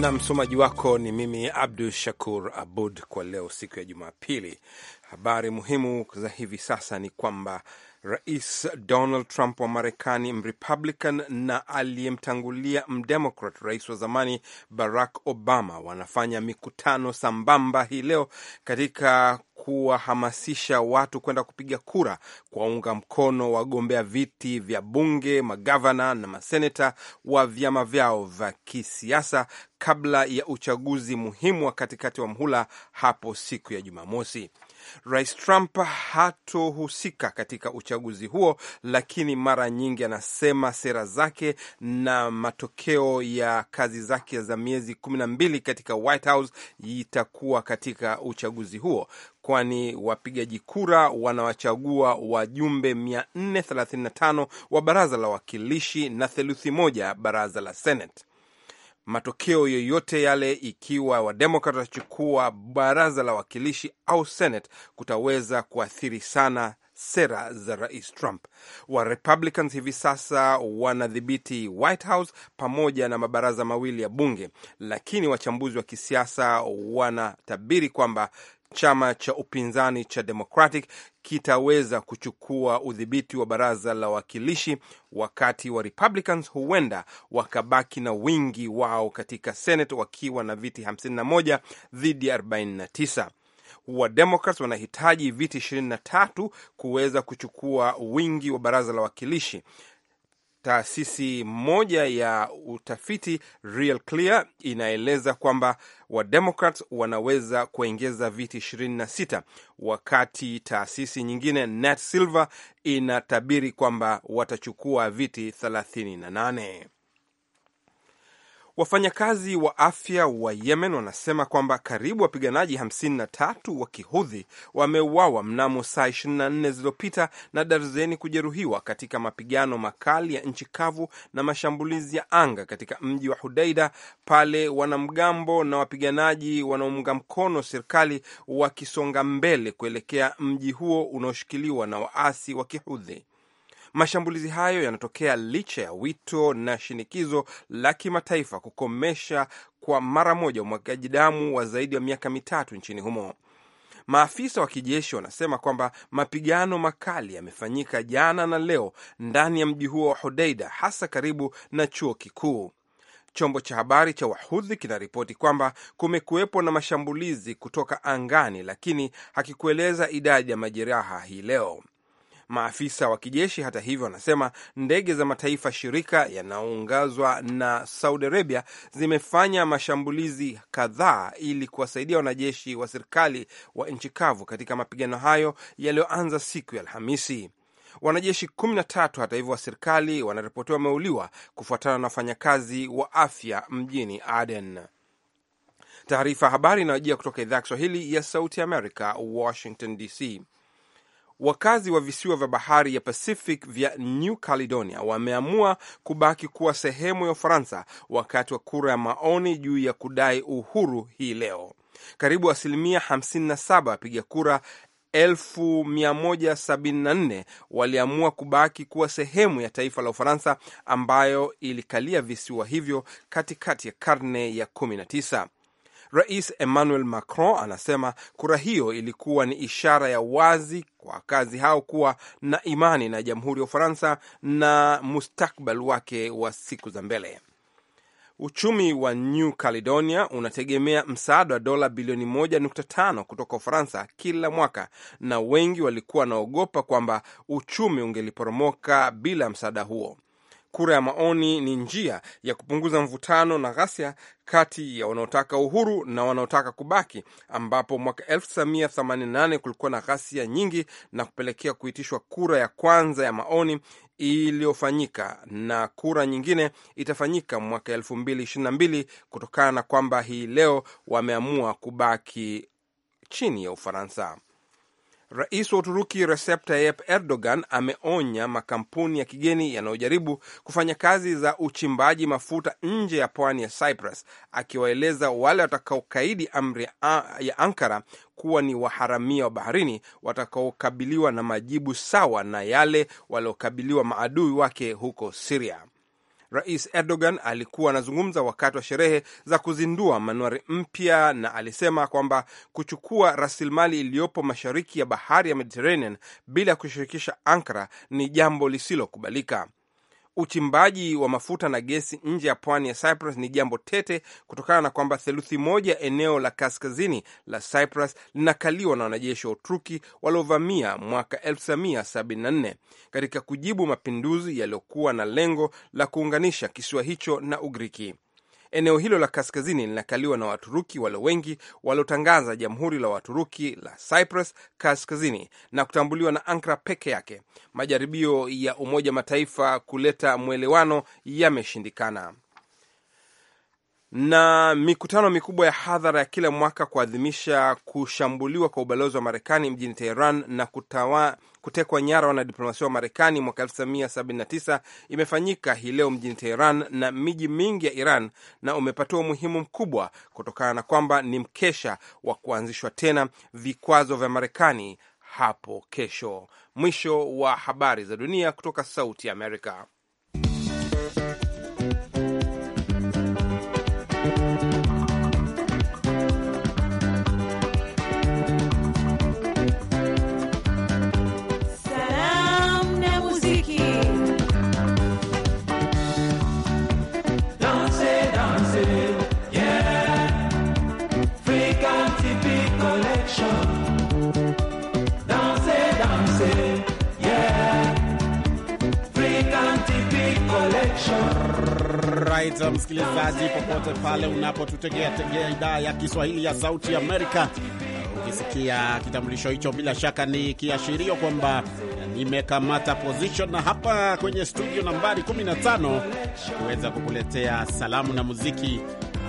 na msomaji wako ni mimi Abdu Shakur Abud kwa leo, siku ya Jumapili. Habari muhimu za hivi sasa ni kwamba Rais Donald Trump wa Marekani, Mrepublican na aliyemtangulia Mdemokrat, rais wa zamani Barack Obama, wanafanya mikutano sambamba hii leo katika kuwahamasisha watu kwenda kupiga kura kuwaunga mkono wagombea viti vya bunge, magavana na maseneta wa vyama vyao vya kisiasa kabla ya uchaguzi muhimu wa katikati wa mhula hapo siku ya Jumamosi. Rais Trump hatohusika katika uchaguzi huo, lakini mara nyingi anasema sera zake na matokeo ya kazi zake za miezi kumi na mbili katika White House itakuwa katika uchaguzi huo, kwani wapigaji kura wanawachagua wajumbe 435 wa baraza la wawakilishi na theluthi moja baraza la Senate matokeo yoyote yale, ikiwa Wademokrat watachukua baraza la wakilishi au Senate, kutaweza kuathiri sana sera za Rais Trump. Wa Republicans hivi sasa wanadhibiti White House pamoja na mabaraza mawili ya bunge, lakini wachambuzi wa kisiasa wanatabiri kwamba chama cha upinzani cha Democratic kitaweza kuchukua udhibiti wa baraza la wawakilishi, wakati wa Republicans huenda wakabaki na wingi wao katika Senate wakiwa na viti 51 dhidi ya 49. Wademokrat wanahitaji viti 23 kuweza kuchukua wingi wa baraza la wawakilishi Taasisi moja ya utafiti Real Clear inaeleza kwamba Wademokrat wanaweza kuongeza viti 26 wakati taasisi nyingine net Silver inatabiri kwamba watachukua viti 38. Wafanyakazi wa afya wa Yemen wanasema kwamba karibu wapiganaji 53 wa kihudhi wameuawa mnamo saa 24 zilizopita na darzeni kujeruhiwa katika mapigano makali ya nchi kavu na mashambulizi ya anga katika mji wa Hudaida, pale wanamgambo na wapiganaji wanaounga mkono serikali wakisonga mbele kuelekea mji huo unaoshikiliwa na waasi wa kihudhi. Mashambulizi hayo yanatokea licha ya wito na shinikizo la kimataifa kukomesha kwa mara moja umwagaji damu wa zaidi ya miaka mitatu nchini humo. Maafisa wa kijeshi wanasema kwamba mapigano makali yamefanyika jana na leo ndani ya mji huo wa Hodeida, hasa karibu na chuo kikuu. Chombo cha habari cha Wahudhi kinaripoti kwamba kumekuwepo na mashambulizi kutoka angani, lakini hakikueleza idadi ya majeraha hii leo. Maafisa wa kijeshi hata hivyo, wanasema ndege za mataifa shirika yanayoungazwa na Saudi Arabia zimefanya mashambulizi kadhaa ili kuwasaidia wanajeshi wa serikali wa nchi kavu katika mapigano hayo yaliyoanza siku ya Alhamisi. Wanajeshi kumi na tatu hata hivyo wa serikali wanaripotiwa wameuliwa kufuatana na wafanyakazi wa afya mjini Aden. Taarifa habari inayojia kutoka idhaa ya Kiswahili ya Sauti Amerika, Washington DC. Wakazi wa visiwa vya bahari ya Pacific vya New Caledonia wameamua kubaki kuwa sehemu ya Ufaransa wakati wa kura ya maoni juu ya kudai uhuru hii leo. Karibu asilimia 57 wapiga kura 174 waliamua kubaki kuwa sehemu ya taifa la Ufaransa ambayo ilikalia visiwa hivyo katikati ya karne ya 19. Rais Emmanuel Macron anasema kura hiyo ilikuwa ni ishara ya wazi kwa wakazi hao kuwa na imani na jamhuri ya Ufaransa na mustakbal wake wa siku za mbele. Uchumi wa New Caledonia unategemea msaada wa dola bilioni 1.5 kutoka Ufaransa kila mwaka, na wengi walikuwa wanaogopa kwamba uchumi ungeliporomoka bila msaada huo kura ya maoni ni njia ya kupunguza mvutano na ghasia kati ya wanaotaka uhuru na wanaotaka kubaki, ambapo mwaka 1988 kulikuwa na ghasia nyingi na kupelekea kuitishwa kura ya kwanza ya maoni iliyofanyika na kura nyingine itafanyika mwaka 2022 kutokana na kwamba hii leo wameamua kubaki chini ya Ufaransa. Rais wa Uturuki Recep Tayyip Erdogan ameonya makampuni ya kigeni yanayojaribu kufanya kazi za uchimbaji mafuta nje ya pwani ya Cyprus, akiwaeleza wale watakaokaidi amri ya Ankara kuwa ni waharamia wa baharini watakaokabiliwa na majibu sawa na yale waliokabiliwa maadui wake huko Siria. Rais Erdogan alikuwa anazungumza wakati wa sherehe za kuzindua manuari mpya, na alisema kwamba kuchukua rasilimali iliyopo mashariki ya bahari ya Mediterranean bila kushirikisha Ankara ni jambo lisilokubalika. Uchimbaji wa mafuta na gesi nje ya pwani ya Cyprus ni jambo tete kutokana na kwamba theluthi moja ya eneo la kaskazini la Cyprus linakaliwa na wanajeshi wa Uturuki waliovamia mwaka 1974 katika kujibu mapinduzi yaliyokuwa na lengo la kuunganisha kisiwa hicho na Ugiriki. Eneo hilo la kaskazini linakaliwa na Waturuki walio wengi waliotangaza jamhuri la Waturuki la Cyprus kaskazini na kutambuliwa na Ankara peke yake. Majaribio ya Umoja Mataifa kuleta mwelewano yameshindikana. Na mikutano mikubwa ya hadhara ya kila mwaka kuadhimisha kushambuliwa kwa ubalozi wa Marekani mjini Teheran na kutawa kutekwa nyara wanadiplomasia wa Marekani mwaka 1979 imefanyika hii leo mjini Teheran na miji mingi ya Iran na umepatiwa umuhimu mkubwa kutokana na kwamba ni mkesha wa kuanzishwa tena vikwazo vya Marekani hapo kesho. Mwisho wa habari za dunia kutoka Sauti Amerika. right, uh, msikilizaji popote pale unapotutegea tegea idhaa ya Kiswahili ya Sauti Amerika. Ukisikia kitambulisho hicho, bila shaka ni kiashirio kwamba nimekamata position na hapa kwenye studio nambari 15 kuweza kukuletea salamu na muziki,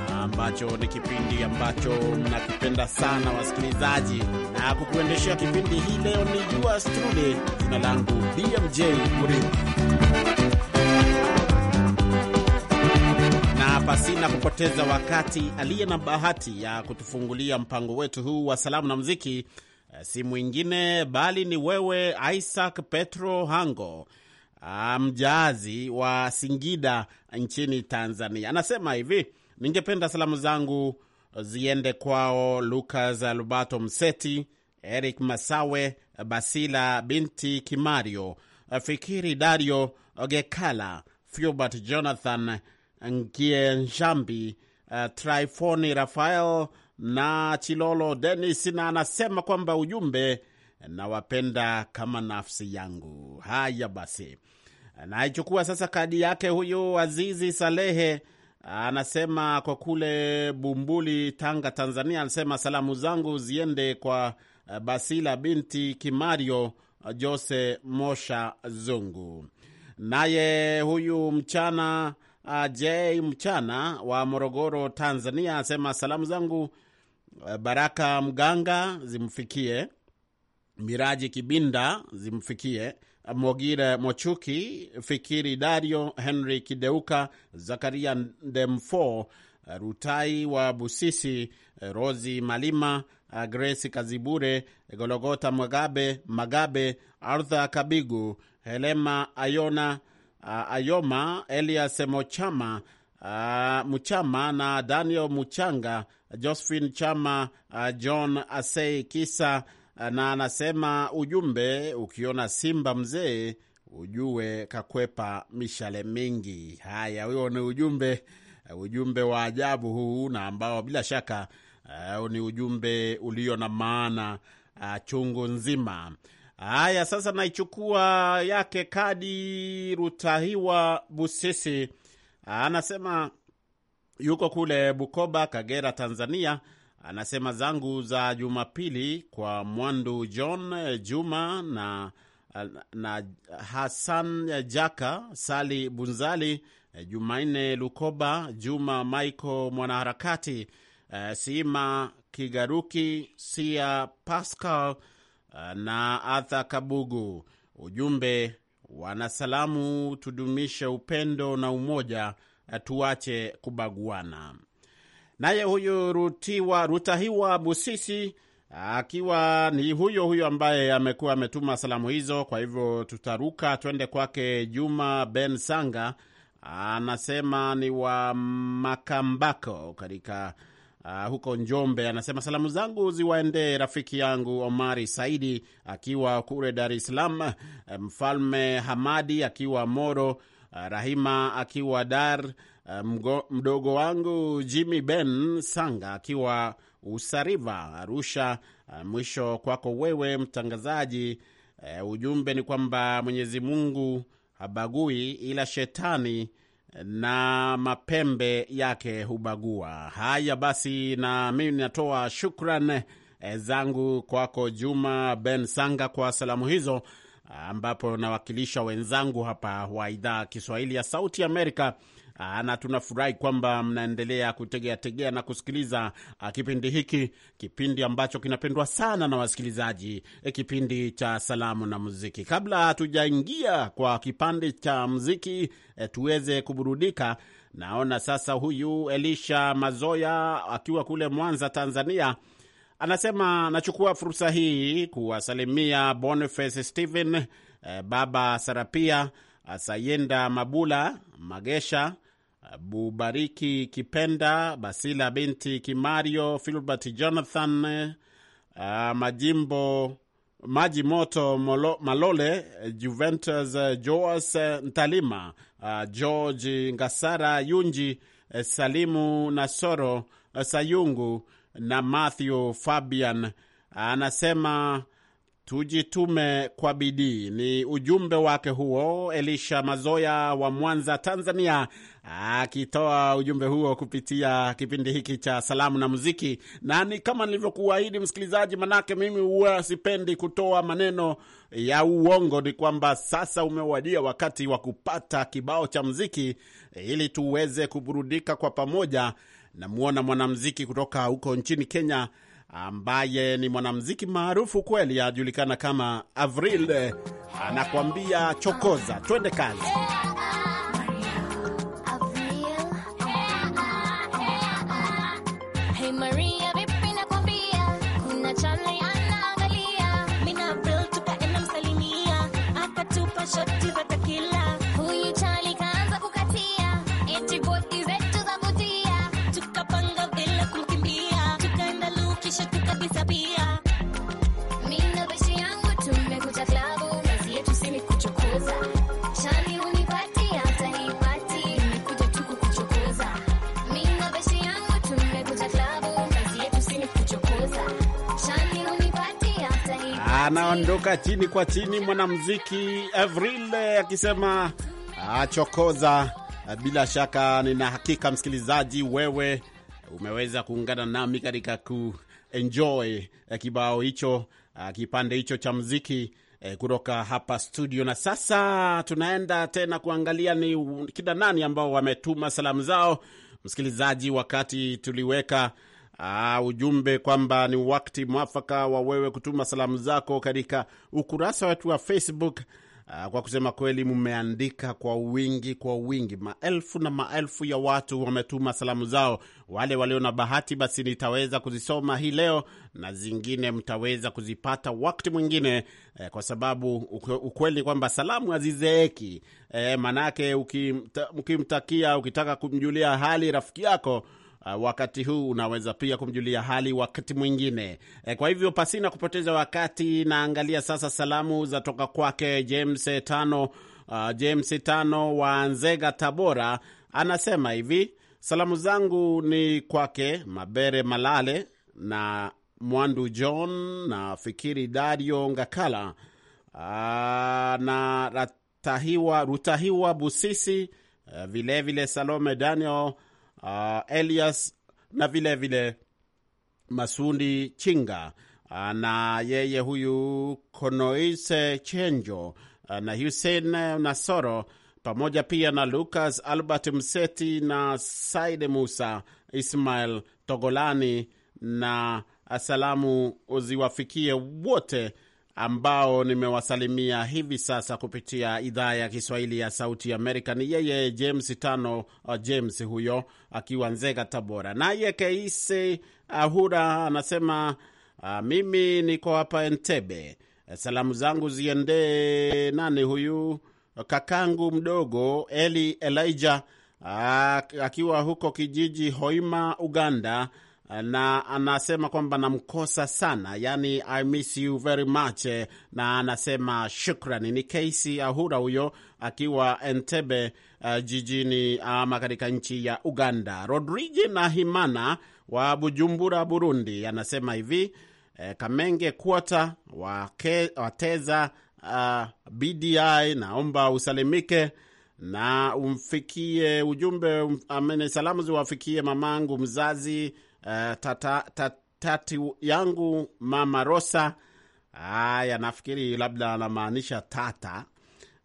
uh, ambacho ni kipindi ambacho mnakipenda sana wasikilizaji, na kukuendeshea kipindi hii leo ni jua stule. Jina langu BMJ Mrima. sina kupoteza wakati, aliye na bahati ya kutufungulia mpango wetu huu wa salamu na muziki eh, si mwingine bali ni wewe Isaac Petro Hango, ah, mjaazi wa Singida nchini Tanzania. Anasema hivi, ningependa salamu zangu ziende kwao Lukas Alubato Mseti, Eric Masawe, Basila binti Kimario, Fikiri Dario Ogekala, Fubert Jonathan Nkie Njambi, uh, eh, Tryfoni Rafael na Chilolo Denis, na anasema kwamba ujumbe eh, nawapenda kama nafsi yangu. Haya basi, eh, naichukua sasa kadi yake huyu Azizi Salehe anasema kwa kule Bumbuli, Tanga, Tanzania. Anasema salamu zangu ziende kwa Basila binti Kimario, Jose Mosha Zungu. Naye huyu mchana J Mchana wa Morogoro, Tanzania, asema salamu zangu eh, Baraka Mganga zimfikie, Miraji Kibinda zimfikie, Mogire Mochuki, Fikiri Dario, Henry Kideuka, Zakaria Ndemfo, Rutai wa Busisi, Rosi Malima, Grace Kazibure, Gologota Magabe, Magabe Artha Kabigu, Helema Ayona uh, Ayoma, Elias Mochama uh, ah, Mchama na Daniel Muchanga, Josephine Chama, uh, John Asei Kisa uh, na anasema ujumbe, ukiona simba mzee ujue kakwepa mishale mingi. Haya, huyo ni ujumbe ujumbe wa ajabu huu, na ambao bila shaka uh, ni ujumbe ulio na maana uh, chungu nzima. Haya, sasa naichukua yake kadi Rutahiwa Busisi, anasema yuko kule Bukoba, Kagera, Tanzania. Anasema zangu za Jumapili kwa Mwandu John Juma na, na Hasan Jaka, Sali Bunzali, Jumanne Lukoba, Juma Michael mwanaharakati, eh, Sima Kigaruki, Sia Pascal na Artha Kabugu. Ujumbe wanasalamu, tudumishe upendo na umoja, tuache kubaguana. Naye huyu Rutiwa, Rutahiwa Busisi akiwa ni huyo huyo ambaye amekuwa ametuma salamu hizo. Kwa hivyo tutaruka twende kwake Juma Ben Sanga, anasema ni wa Makambako katika uh, huko Njombe anasema salamu zangu ziwaendee rafiki yangu Omari Saidi akiwa kule Dar es Salaam, eh, Mfalme Hamadi akiwa Moro, eh, Rahima akiwa Dar, eh, mgo, mdogo wangu Jimmy Ben Sanga akiwa Usariva Arusha. Mwisho kwako wewe mtangazaji. Ujumbe ni kwamba Mwenyezi Mungu habagui ila shetani na mapembe yake hubagua. Haya basi, na mimi natoa shukran eh, zangu kwako Juma Ben Sanga kwa salamu hizo, ambapo nawakilisha wenzangu hapa wa idhaa Kiswahili ya Sauti Amerika Ah, na tunafurahi kwamba mnaendelea kutegeategea na kusikiliza ah, kipindi hiki, kipindi ambacho kinapendwa sana na wasikilizaji, eh, kipindi cha salamu na muziki. Kabla hatujaingia kwa kipande cha muziki eh, tuweze kuburudika, naona sasa huyu Elisha Mazoya akiwa kule Mwanza, Tanzania anasema nachukua fursa hii kuwasalimia Boniface Stephen, eh, Baba Sarapia, Sayenda Mabula Magesha, Bubariki Kipenda, Basila binti Kimario, Filbert Jonathan, uh, Majimbo Maji Moto Molo, Malole, Juventus uh, Joas uh, Ntalima, uh, George Ngasara Yunji, uh, Salimu Nasoro Sayungu na Matthew Fabian anasema Tujitume kwa bidii, ni ujumbe wake huo, Elisha Mazoya wa Mwanza, Tanzania, akitoa ujumbe huo kupitia kipindi hiki cha salamu na muziki. Na ni kama nilivyokuahidi, msikilizaji, manake mimi huwa sipendi kutoa maneno ya uongo, ni kwamba sasa umewadia wakati wa kupata kibao cha muziki ili tuweze kuburudika kwa pamoja. Namwona mwanamuziki kutoka huko nchini Kenya ambaye ni mwanamuziki maarufu kweli, ajulikana kama Avril, anakuambia chokoza, twende kazi. anaondoka chini kwa chini mwanamuziki Avril akisema achokoza Bila shaka nina hakika msikilizaji, wewe umeweza kuungana nami katika kuenjoy eh, kibao hicho, eh, kipande hicho cha muziki eh, kutoka hapa studio. Na sasa tunaenda tena kuangalia ni kina nani ambao wametuma salamu zao, msikilizaji. Wakati tuliweka Aa, ah, ujumbe kwamba ni wakati mwafaka wa wewe kutuma salamu zako katika ukurasa wetu wa Facebook. Aa, ah, kwa kusema kweli mmeandika kwa wingi, kwa wingi, maelfu na maelfu ya watu wametuma salamu zao. Wale walio na bahati basi nitaweza kuzisoma hii leo na zingine mtaweza kuzipata wakati mwingine eh, kwa sababu ukweli kwamba salamu hazizeeki eh, manake ukimtakia ukitaka kumjulia hali rafiki yako Ah, wakati huu unaweza pia kumjulia hali wakati mwingine. E, kwa hivyo pasina kupoteza wakati naangalia sasa salamu za toka kwake James Tano, uh, James Tano wa Nzega, Tabora, anasema hivi: salamu zangu ni kwake Mabere Malale na Mwandu John na Fikiri Dario Ngakala, uh, na Rutahiwa, Rutahiwa Busisi, uh, eh, vilevile Salome Daniel uh, Elias na vile vile Masundi Chinga uh, na yeye huyu Konoise Chenjo uh, na Hussein Nasoro pamoja pia na Lucas Albert Mseti na Said Musa Ismail Togolani na salamu ziwafikie wote ambao nimewasalimia hivi sasa kupitia idhaa ya Kiswahili ya Sauti Amerika ni yeye James Tano uh, James huyo akiwa Nzega, Tabora. Naye Keise Ahura anasema uh, mimi niko hapa Entebe, salamu zangu ziendee nani huyu kakangu mdogo Eli Elijah uh, akiwa huko kijiji Hoima, Uganda na anasema kwamba namkosa sana, yani I miss you very much, na anasema shukrani. Ni Kasi Ahura huyo akiwa Entebe uh, jijini ama katika nchi ya Uganda. Rodrige na Himana wa Bujumbura, Burundi, anasema hivi eh, Kamenge Quarter wateza uh, BDI, naomba usalimike na umfikie ujumbe um, salamu ziwafikie mamangu mzazi Eh, tata, tati yangu mama Rosa. Haya, nafikiri labda anamaanisha tata.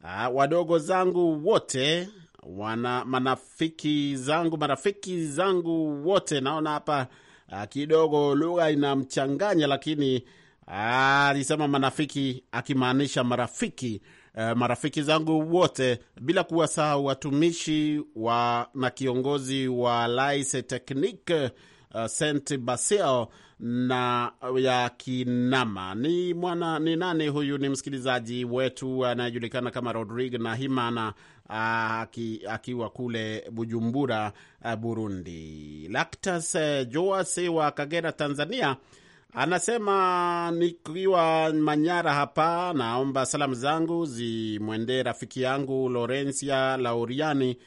Aa, ah, wadogo zangu wote wana marafiki zangu marafiki zangu wote. Naona hapa ah, kidogo lugha inamchanganya, lakini ah, alisema marafiki akimaanisha marafiki e, marafiki zangu wote, bila kuwasahau watumishi wa na kiongozi wa Laise Technique uh, Saint na uh, ya Kinama. Ni mwana ni nani huyu? Ni msikilizaji wetu anayejulikana kama Rodrigue na himana uh, akiwa aki kule Bujumbura uh, Burundi. Lactas Joas wa Kagera, Tanzania anasema nikiwa Manyara hapa, naomba salamu zangu zimwendee rafiki yangu Lorencia Lauriani,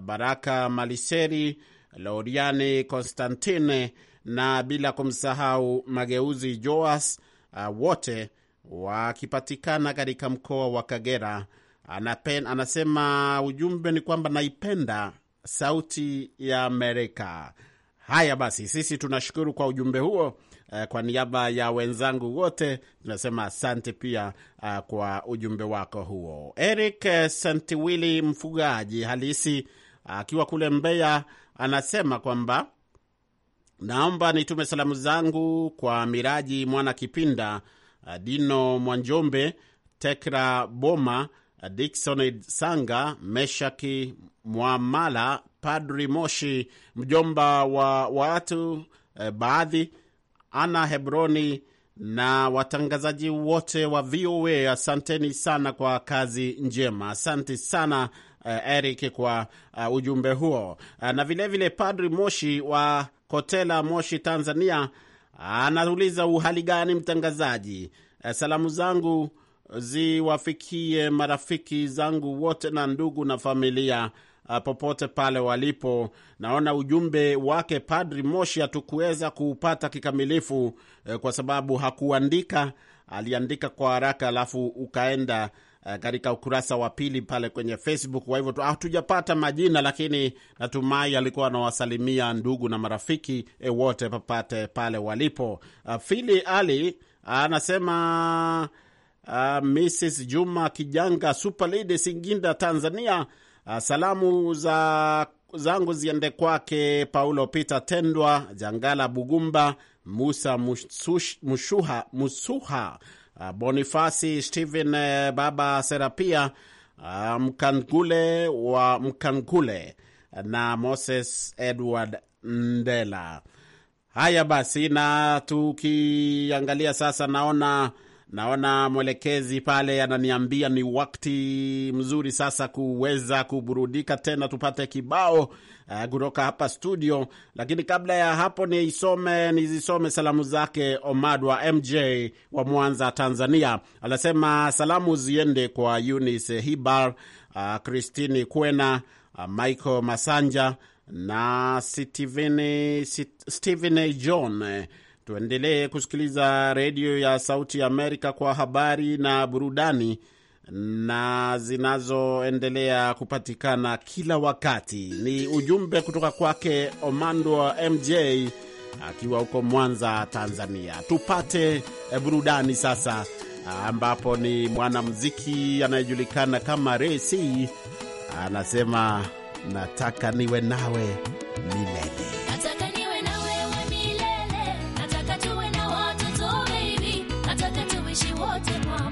Baraka Maliseri, Lauriani Constantine na bila kumsahau Mageuzi Joas, uh, wote wakipatikana katika mkoa wa Kagera. Anapen, anasema ujumbe ni kwamba naipenda Sauti ya Amerika. Haya basi, sisi tunashukuru kwa ujumbe huo. Uh, kwa niaba ya wenzangu wote tunasema asante pia uh, kwa ujumbe wako huo. Eric uh, Santiwili, mfugaji halisi akiwa kule Mbeya, anasema kwamba naomba nitume salamu zangu kwa Miraji Mwana Kipinda, Dino Mwanjombe, Tekra Boma, Dikson Sanga, Meshaki Mwamala, Padri Moshi, mjomba wa watu eh, baadhi, Ana Hebroni na watangazaji wote wa VOA, asanteni sana kwa kazi njema. Asante sana Eh, Eric kwa uh, ujumbe huo uh, na vilevile vile Padri Moshi wa Kotela, Moshi, Tanzania anauliza uh, uhali gani mtangazaji? Uh, salamu zangu ziwafikie marafiki zangu wote na ndugu na familia uh, popote pale walipo. Naona ujumbe wake Padri Moshi hatukuweza kuupata kikamilifu uh, kwa sababu hakuandika, aliandika kwa haraka alafu ukaenda Eh, katika ukurasa wa pili pale kwenye Facebook. Kwa hivyo hatujapata majina, lakini natumai alikuwa anawasalimia ndugu na marafiki e, wote papate pale walipo. Eh, Fili Ali anasema uh, eh, Mrs Juma Kijanga Super Lady Singinda, Tanzania. salamu za zangu ziende kwake Paulo Peter Tendwa, Jangala Bugumba, Musa Musuha, Musuha Uh, Bonifasi Stephen uh, Baba Serapia uh, Mkangule wa Mkangule na Moses Edward Ndela. Haya basi, na tukiangalia sasa, naona Naona mwelekezi pale ananiambia ni wakati mzuri sasa kuweza kuburudika tena, tupate kibao eh, kutoka uh, hapa studio. Lakini kabla ya hapo, nisome nizisome salamu zake Omad wa MJ wa Mwanza, Tanzania. Anasema salamu ziende kwa Eunice Hibar, uh, uh, Kwena, uh, Michael Masanja na stehen John Tuendelee kusikiliza redio ya Sauti ya Amerika kwa habari na burudani na zinazoendelea kupatikana kila wakati. Ni ujumbe kutoka kwake Omando wa MJ akiwa huko Mwanza, Tanzania. Tupate eh, burudani sasa, ambapo ni mwanamuziki anayejulikana kama Rec anasema nataka niwe nawe milele. 牵挂。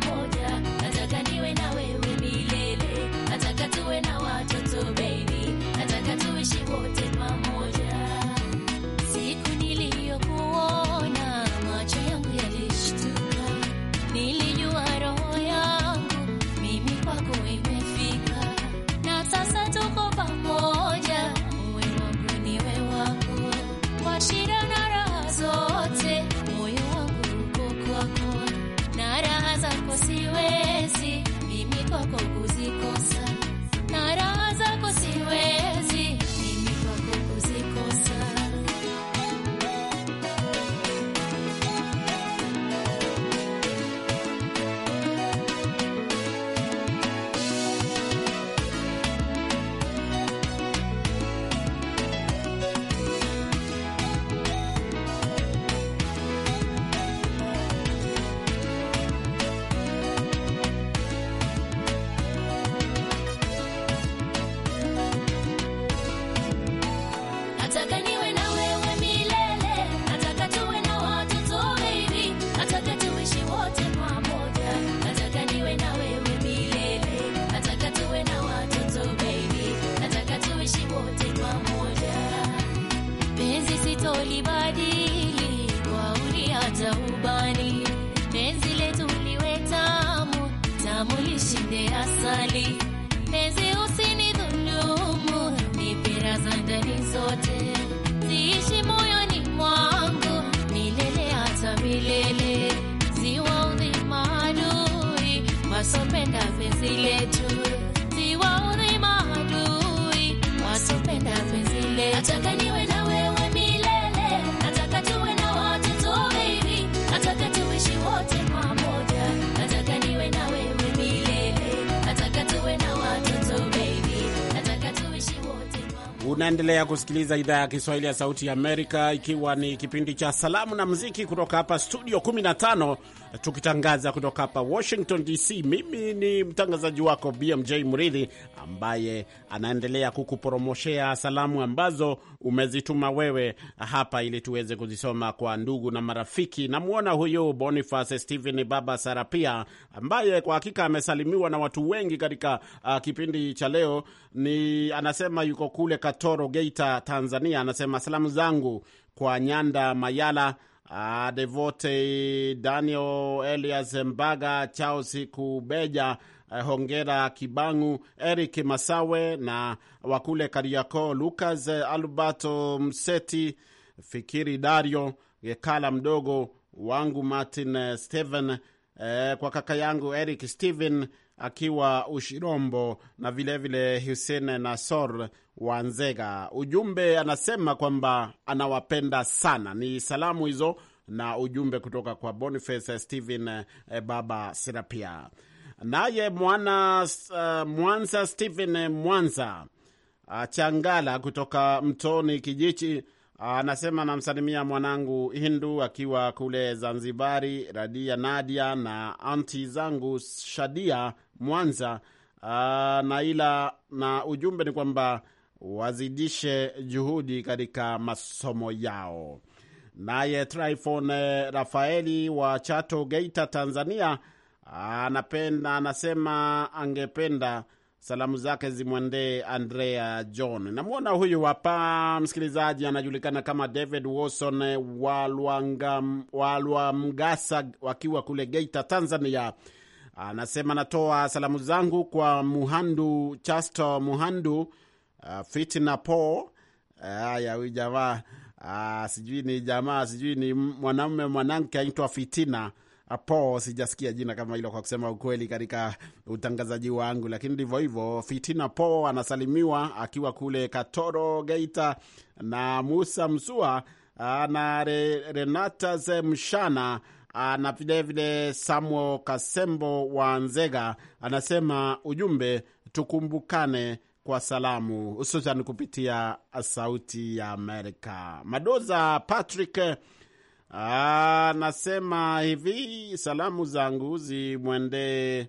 打开。Unaendelea kusikiliza idhaa ya Kiswahili ya Sauti ya Amerika, ikiwa ni kipindi cha salamu na muziki kutoka hapa studio 15 tukitangaza kutoka hapa Washington DC. Mimi ni mtangazaji wako BMJ Muridhi, ambaye anaendelea kukupromoshea salamu ambazo umezituma wewe hapa ili tuweze kuzisoma kwa ndugu na marafiki. Namwona huyu Boniface Stephen Baba Sarapia ambaye kwa hakika amesalimiwa na watu wengi katika uh, kipindi cha leo. Ni anasema yuko kule Katoro, Geita, Tanzania. Anasema salamu zangu kwa Nyanda Mayala, uh, Devote Daniel Elias Mbaga, Charles Kubeja Eh, hongera Kibangu, Eric Masawe na wakule Kariako, Lucas eh, Alberto Mseti, Fikiri Dario, Gekala mdogo wangu Martin eh, Steven, eh, kwa kaka yangu Eric Steven akiwa Ushirombo na vilevile Hussein Nasor wa Nzega. Ujumbe anasema kwamba anawapenda sana. Ni salamu hizo na ujumbe kutoka kwa Boniface Steven, eh, baba Serapia. Naye mwana uh, Mwanza Stephen Mwanza uh, Changala kutoka Mtoni Kijichi uh, anasema uh, namsalimia mwanangu Hindu akiwa kule Zanzibari, Radia Nadia na anti zangu Shadia Mwanza uh, na ila na ujumbe ni kwamba wazidishe juhudi katika masomo yao. Naye Tryphon uh, Rafaeli wa Chato, Geita, Tanzania anapenda, anasema angependa salamu zake zimwendee Andrea John. Namwona huyu hapa msikilizaji, anajulikana kama David Wilson eh, Walwamgasa wakiwa kule Geita, Tanzania. Anasema anatoa salamu zangu kwa Muhandu Chasto Muhandu, uh, eh, Fitna Po. Haya, huyu jamaa ah, sijui ni jamaa sijui ni mwanamume mwanamke, aitwa Fitina Apo, sijasikia jina kama hilo kwa kusema ukweli, katika utangazaji wangu, lakini ndivyo hivyo. Fitina Po anasalimiwa akiwa kule Katoro, Geita, na Musa Msua ah, na Re, Renatas Mshana ah, na vilevile Samuel Kasembo wa Nzega. Anasema ujumbe, tukumbukane kwa salamu, hususan kupitia Sauti ya Amerika. Madoza Patrick Aa, ah, nasema hivi salamu zangu zimwendee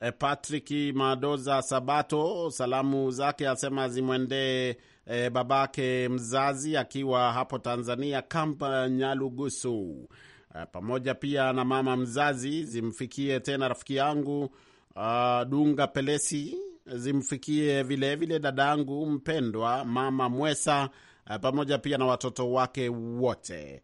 eh, Patrick Madoza Sabato, salamu zake asema zimwendee e, eh, babake mzazi akiwa hapo Tanzania Kampa Nyalugusu, eh, pamoja pia na mama mzazi zimfikie, tena rafiki yangu ah, Dunga Pelesi zimfikie vilevile, dadangu mpendwa mama Mwesa Eh, pamoja pia na watoto wake wote.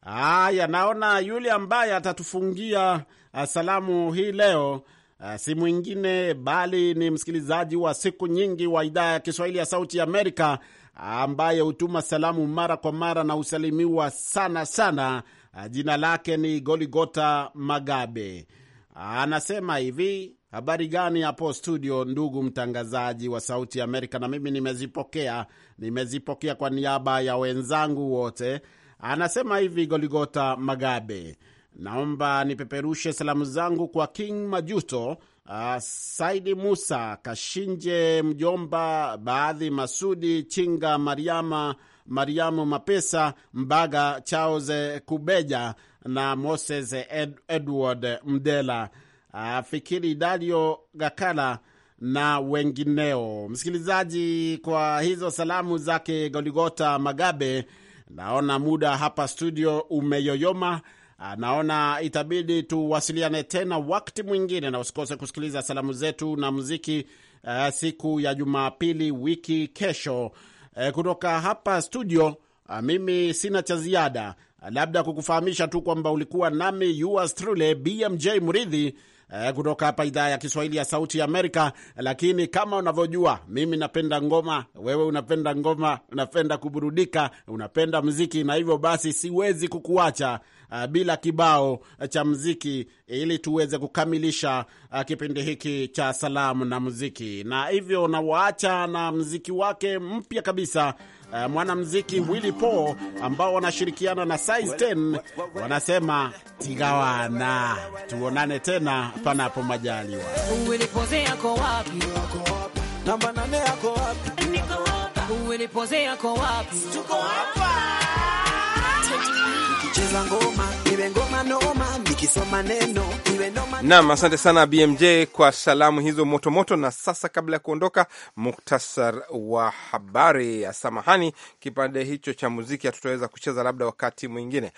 Haya, naona yule ambaye atatufungia eh, salamu hii leo eh, si mwingine bali ni msikilizaji wa siku nyingi wa idhaa ya Kiswahili ya Sauti Amerika ambaye hutuma salamu mara kwa mara na husalimiwa sana sana. Jina lake ni Goligota Magabe, anasema hivi: Habari gani hapo studio, ndugu mtangazaji wa Sauti Amerika? Na mimi nimezipokea, nimezipokea kwa niaba ya wenzangu wote. Anasema hivi Goligota Magabe, naomba nipeperushe salamu zangu kwa King Majuto, uh, Saidi Musa Kashinje, mjomba baadhi, Masudi Chinga, Mariama Mariamu Mapesa Mbaga, Charles Kubeja na Moses Ed, Edward Mdela Fikiri Dario Gakala na wengineo. Msikilizaji, kwa hizo salamu zake Goligota Magabe, naona muda hapa studio umeyoyoma. Ah, naona itabidi tuwasiliane tena wakati mwingine, na usikose kusikiliza salamu zetu na muziki uh, siku ya Jumapili wiki kesho. Uh, kutoka hapa studio uh, mimi sina cha ziada, uh, labda kukufahamisha tu kwamba ulikuwa nami yours truly BMJ Muridhi eh, kutoka hapa idhaa ya Kiswahili ya Sauti ya Amerika. Lakini kama unavyojua, mimi napenda ngoma, wewe unapenda ngoma, unapenda kuburudika, unapenda mziki, na hivyo basi siwezi kukuacha uh, bila kibao cha mziki ili tuweze kukamilisha uh, kipindi hiki cha salamu na muziki, na hivyo nawaacha na mziki wake mpya kabisa. Uh, mwanamuziki Willy Paul ambao wanashirikiana na Size 10 wanasema tigawana, tuonane tena panapo majaliwa. Namba nane yako wapi? Niko hapa. Willy yako wapi? Tuko hapa. Naam, asante sana BMJ kwa salamu hizo motomoto. Na sasa kabla ya kuondoka, muktasar wa habari. Samahani, kipande hicho cha muziki hatutaweza kucheza, labda wakati mwingine.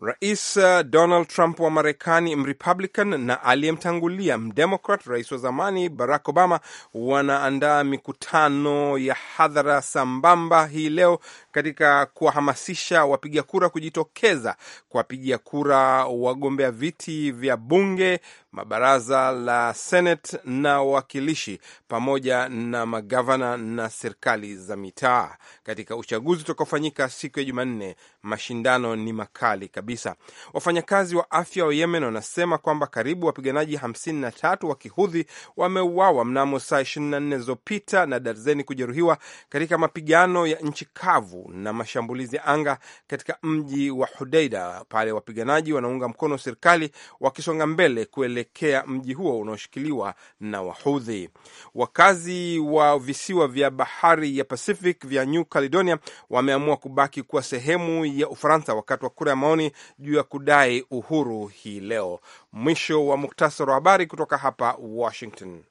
Rais uh, Donald Trump wa Marekani, mrepublican na aliyemtangulia mdemokrat, rais wa zamani Barack Obama, wanaandaa mikutano ya hadhara sambamba hii leo katika kuwahamasisha wapiga kura kujitokeza kuwapigia kura wagombea viti vya bunge mabaraza la Senate na wawakilishi pamoja na magavana na serikali za mitaa katika uchaguzi utakaofanyika siku ya Jumanne. Mashindano ni makali kabisa. Wafanyakazi wa afya wa Yemen wanasema kwamba karibu wapiganaji 53 wa kihudhi wameuawa mnamo saa 24 zilizopita na darzeni kujeruhiwa katika mapigano ya nchi kavu na mashambulizi ya anga katika mji wa Hudeida, pale wapiganaji wanaunga mkono serikali wakisonga mbele kuele kuelekea mji huo unaoshikiliwa na Wahudhi. Wakazi wa visiwa vya bahari ya Pacific vya New Caledonia wameamua kubaki kuwa sehemu ya Ufaransa wakati wa kura ya maoni juu ya kudai uhuru hii leo. Mwisho wa muktasari wa habari kutoka hapa Washington.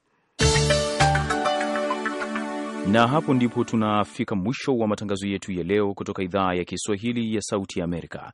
Na hapo ndipo tunafika mwisho wa matangazo yetu ya leo kutoka idhaa ya Kiswahili ya Sauti ya Amerika.